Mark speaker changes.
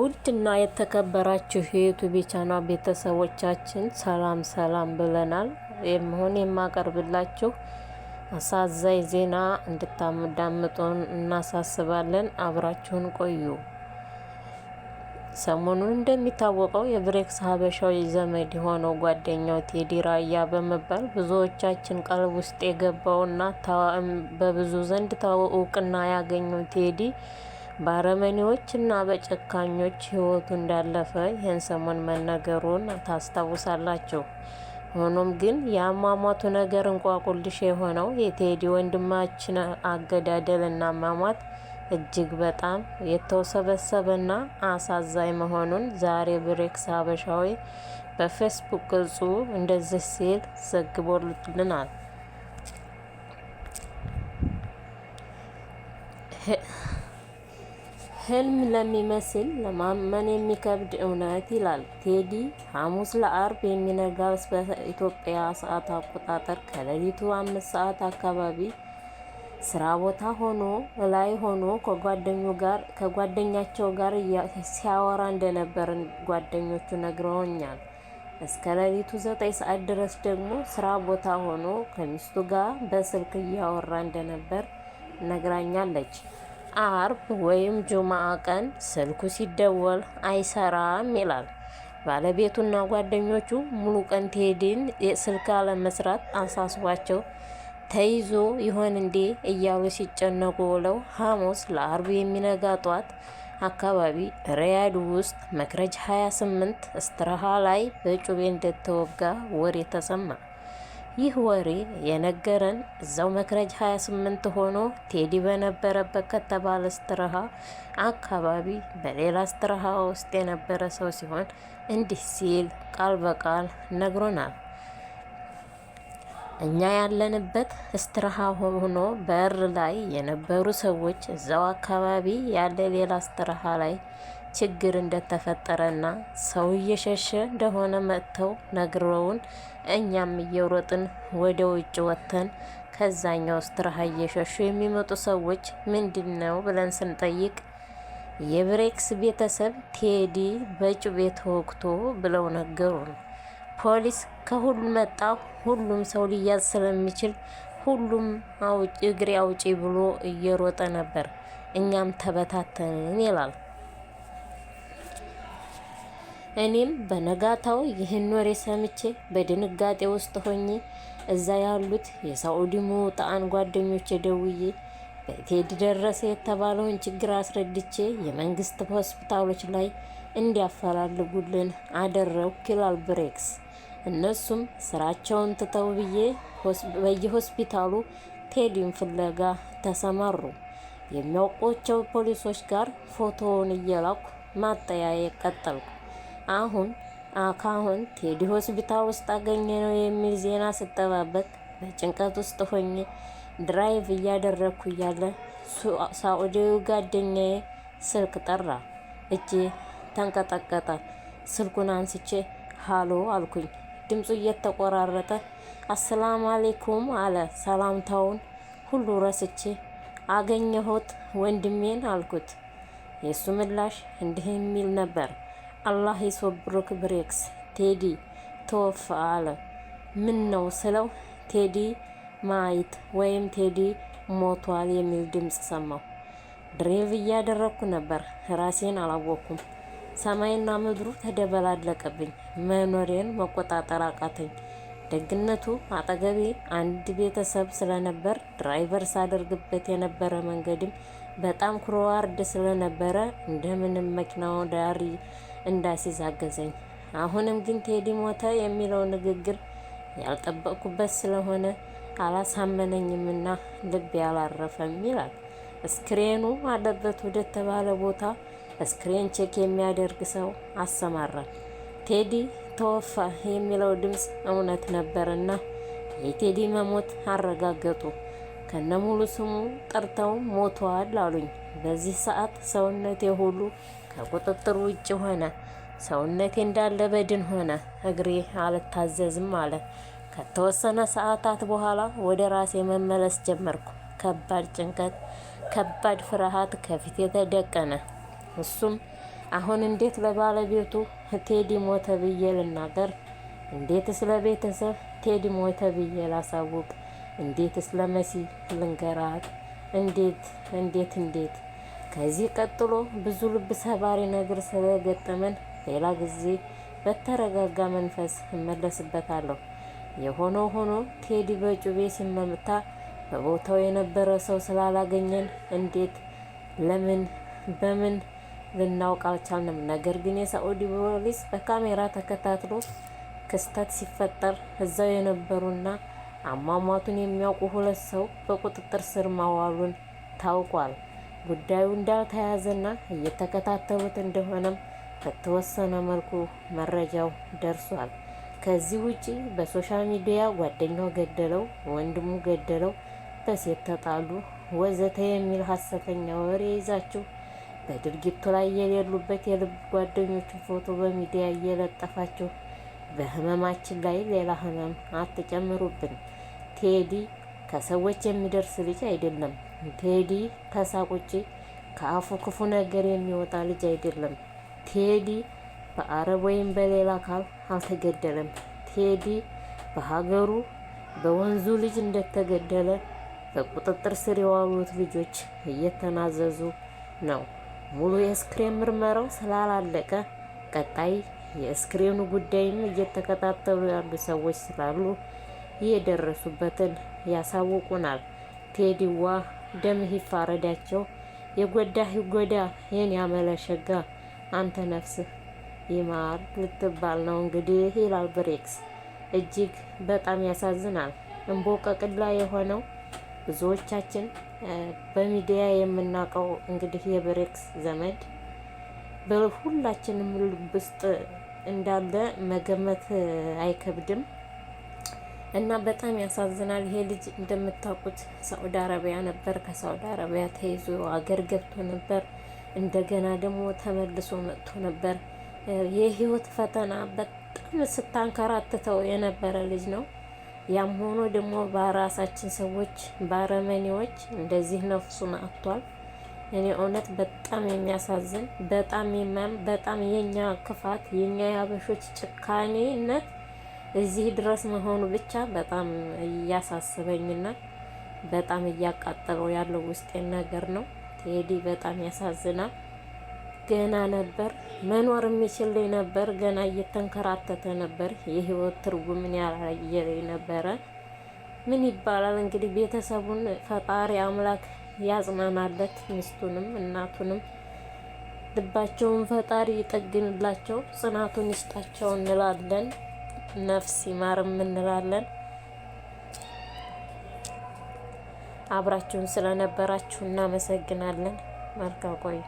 Speaker 1: ውድና የተከበራችሁ የዩቱብ ቻና ቤተሰቦቻችን ሰላም ሰላም ብለናል። የምሆን የማቀርብላችሁ አሳዛኝ ዜና እንድታዳምጡን እናሳስባለን። አብራችሁን ቆዩ። ሰሞኑን እንደሚታወቀው የብሬክስ ሀበሻዊ ዘመድ የሆነው ጓደኛው ቴዲ ራያ በመባል ብዙዎቻችን ቀልብ ውስጥ የገባውና በብዙ ዘንድ እውቅና ያገኘው ቴዲ እና በጨካኞች ህይወቱ እንዳለፈ ይህን ሰሞን መነገሩን ታስታውሳላችሁ። ሆኖም ግን የአሟሟቱ ነገር እንቋቁልሽ የሆነው የቴዲ ወንድማችን አገዳደል እና አሟሟት እጅግ በጣም የተውሰበሰበና አሳዛኝ መሆኑን ዛሬ ብሬክስ ሀበሻዊ በፌስቡክ ገጹ እንደዚህ ሲል ዘግቦልናል። ህልም ለሚመስል ለማመን የሚከብድ እውነት ይላል ቴዲ። ሐሙስ ለአርብ የሚነጋ በኢትዮጵያ ሰዓት አቆጣጠር ከሌሊቱ አምስት ሰዓት አካባቢ ስራ ቦታ ሆኖ ላይ ሆኖ ከጓደኛቸው ጋር ሲያወራ እንደነበር ጓደኞቹ ነግረውኛል። እስከ ሌሊቱ ዘጠኝ ሰዓት ድረስ ደግሞ ስራ ቦታ ሆኖ ከሚስቱ ጋር በስልክ እያወራ እንደነበር ነግራኛለች። አርብ ወይም ጁማአ ቀን ስልኩ ሲደወል አይሰራም ይላል። ባለቤቱና ጓደኞቹ ሙሉ ቀን ቴዲን ስልክ አለመስራት አንሳስቧቸው ተይዞ ይሆን እንዴ እያሉ ሲጨነቁ ውለው ሐሙስ ለአርብ የሚነጋ ጧት አካባቢ ሪያድ ውስጥ መክረጅ 28 እስትራሃ ላይ በጩቤ እንደተወጋ ወሬ ተሰማ። ይህ ወሬ የነገረን እዛው መክረጅ 28 ሆኖ ቴዲ በነበረበት ከተባለ ስትረሃ አካባቢ በሌላ ስትረሃ ውስጥ የነበረ ሰው ሲሆን እንዲህ ሲል ቃል በቃል ነግሮናል። እኛ ያለንበት እስትራሃ ሆኖ በር ላይ የነበሩ ሰዎች እዛው አካባቢ ያለ ሌላ እስትራሃ ላይ ችግር እንደተፈጠረና ሰው እየሸሸ እንደሆነ መጥተው ነግረውን እኛም እየሮጥን ወደ ውጭ ወጥተን ከዛኛው እስትራሃ እየሸሹ የሚመጡ ሰዎች ምንድን ነው ብለን ስንጠይቅ የብሬክስ ቤተሰብ ቴዲ በጩቤ ተወግቶ ብለው ነገሩን። ፖሊስ ከሁሉ መጣ። ሁሉም ሰው ሊያዝ ስለሚችል ሁሉም አውጪ እግሬ አውጪ ብሎ እየሮጠ ነበር። እኛም ተበታተንን ይላል። እኔም በነጋታው ይህን ወሬ ሰምቼ በድንጋጤ ውስጥ ሆኜ እዛ ያሉት የሳዑዲ ሙጣን ጓደኞች ደውዬ በቴድ ደረሰ የተባለውን ችግር አስረድቼ የመንግስት ሆስፒታሎች ላይ እንዲያፈላልጉልን አደረው ኪላል ብሬክስ። እነሱም ስራቸውን ትተው ብዬ በየሆስፒታሉ ቴዲን ፍለጋ ተሰማሩ። የሚያውቋቸው ፖሊሶች ጋር ፎቶውን እየላኩ ማጠያየቅ ቀጠልኩ። አሁን አካሁን ቴዲ ሆስፒታል ውስጥ አገኘ ነው የሚል ዜና ስጠባበቅ በጭንቀት ውስጥ ሆኜ ድራይቭ እያደረግኩ እያለ ሳዑዲው ጓደኛዬ ስልክ ጠራ። እጄ ተንቀጠቀጠ። ስልኩን አንስቼ ሃሎ አልኩኝ። ድምፁ እየተቆራረጠ አሰላም አሌይኩም አለ። ሰላምታውን ሁሉ ረስቼ አገኘሁት ወንድሜን አልኩት። የእሱ ምላሽ እንዲህ የሚል ነበር፣ አላህ ይሶብሩክ ብሬክስ ቴዲ ተወፋ አለ። ምን ነው ስለው ቴዲ ማይት ወይም ቴዲ ሞቷል የሚል ድምፅ ሰማሁ። ድሬቭ እያደረግኩ ነበር፣ ራሴን አላወቅኩም። ሰማይና ምድሩ ተደበላለቀብኝ። መኖሬን መቆጣጠር አቃተኝ። ደግነቱ አጠገቤ አንድ ቤተሰብ ስለነበር ድራይቨር ሳደርግበት የነበረ መንገድም በጣም ክሮዋርድ ስለነበረ እንደምንም መኪናው ዳሪ እንዳሲዝ አገዘኝ። አሁንም ግን ቴዲ ሞተ የሚለው ንግግር ያልጠበቅኩበት ስለሆነ አላሳመነኝምና ልቤ አላረፈም ይላል። እስክሬኑ አለበት ደተባለ ቦታ ስክሪን ቼክ የሚያደርግ ሰው አሰማራል። ቴዲ ተወፋ የሚለው ድምፅ እውነት ነበርና የቴዲ መሞት አረጋገጡ። ከነሙሉ ስሙ ጠርተው ሞተዋል አሉኝ። በዚህ ሰዓት ሰውነቴ ሁሉ ከቁጥጥር ውጭ ሆነ። ሰውነቴ እንዳለ በድን ሆነ። እግሬ አልታዘዝም አለ። ከተወሰነ ሰዓታት በኋላ ወደ ራሴ መመለስ ጀመርኩ። ከባድ ጭንቀት፣ ከባድ ፍርሃት ከፊቴ ተደቀነ። እሱም አሁን እንዴት ለባለቤቱ ቴዲ ሞተ ብዬ ልናገር? እንዴት ስለ ቤተሰብ ቴዲ ሞተ ብዬ ላሳውቅ? እንዴት ስለ መሲ ልንገራት? እንዴት እንዴት እንዴት ከዚህ ቀጥሎ ብዙ ልብ ሰባሪ ነገር ስለገጠመን ሌላ ጊዜ በተረጋጋ መንፈስ እመለስበታለሁ። የሆነ ሆኖ ቴዲ በጩቤ ሲመታ በቦታው የነበረ ሰው ስላላገኘን እንዴት ለምን በምን ልናውቅ አልቻልንም። ነገር ግን የሳዑዲ ፖሊስ በካሜራ ተከታትሎ ክስተት ሲፈጠር እዛው የነበሩና አሟሟቱን የሚያውቁ ሁለት ሰው በቁጥጥር ስር ማዋሉን ታውቋል። ጉዳዩ እንዳልተያዘና እየተከታተሉት እንደሆነም በተወሰነ መልኩ መረጃው ደርሷል። ከዚህ ውጪ በሶሻል ሚዲያ ጓደኛው ገደለው፣ ወንድሙ ገደለው፣ በሴት ተጣሉ፣ ወዘተ የሚል ሀሰተኛ ወሬ ይዛችሁ በድርጊቱ ላይ የሌሉበት የልብ ጓደኞችን ፎቶ በሚዲያ እየለጠፋችሁ በህመማችን ላይ ሌላ ህመም አትጨምሩብን። ቴዲ ከሰዎች የሚደርስ ልጅ አይደለም። ቴዲ ከሳቅ ውጪ ከአፉ ክፉ ነገር የሚወጣ ልጅ አይደለም። ቴዲ በአረብ ወይም በሌላ አካል አልተገደለም። ቴዲ በሀገሩ በወንዙ ልጅ እንደተገደለ በቁጥጥር ስር የዋሉት ልጆች እየተናዘዙ ነው። ሙሉ የስክሪን ምርመራው ስላላለቀ ቀጣይ የስክሪኑ ጉዳይም እየተከታተሉ ያሉ ሰዎች ስላሉ የደረሱበትን ያሳውቁናል። ቴዲዋ ደም ይፋረዳቸው። የጎዳ ይጎዳ፣ ይህን ያመለሸጋ አንተ ነፍስ ይማር ልትባል ነው እንግዲህ ይላል ብሬክስ። እጅግ በጣም ያሳዝናል። እንቦቀቅላ የሆነው ብዙዎቻችን በሚዲያ የምናውቀው እንግዲህ የብሬክስ ዘመድ በሁላችንም ልብ ውስጥ እንዳለ መገመት አይከብድም እና በጣም ያሳዝናል። ይሄ ልጅ እንደምታውቁት ሳዑዲ አረቢያ ነበር። ከሳዑዲ አረቢያ ተይዞ አገር ገብቶ ነበር። እንደገና ደግሞ ተመልሶ መጥቶ ነበር። የህይወት ፈተና በጣም ስታንከራትተው የነበረ ልጅ ነው። ያም ሆኖ ደግሞ በራሳችን ሰዎች ባረመኔዎች እንደዚህ ነፍሱን አጥቷል። እኔ እውነት በጣም የሚያሳዝን በጣም የሚያም በጣም የኛ ክፋት የኛ ያበሾች ጭካኔነት እዚህ ድረስ መሆኑ ብቻ በጣም እያሳስበኝና በጣም እያቃጠለው ያለው ውስጤን ነገር ነው። ቴዲ በጣም ያሳዝናል። ገና ነበር መኖር የሚችል ነበር። ገና እየተንከራተተ ነበር። የህይወት ትርጉምን ያላየለኝ ነበረ። ምን ይባላል እንግዲህ ቤተሰቡን ፈጣሪ አምላክ ያጽናናለት፣ ሚስቱንም እናቱንም ልባቸውን ፈጣሪ ይጠግንላቸው፣ ጽናቱን ይስጣቸው እንላለን። ነፍስ ይማርም እንላለን። አብራችሁን ስለነበራችሁ እናመሰግናለን። መልካም ቆዩ።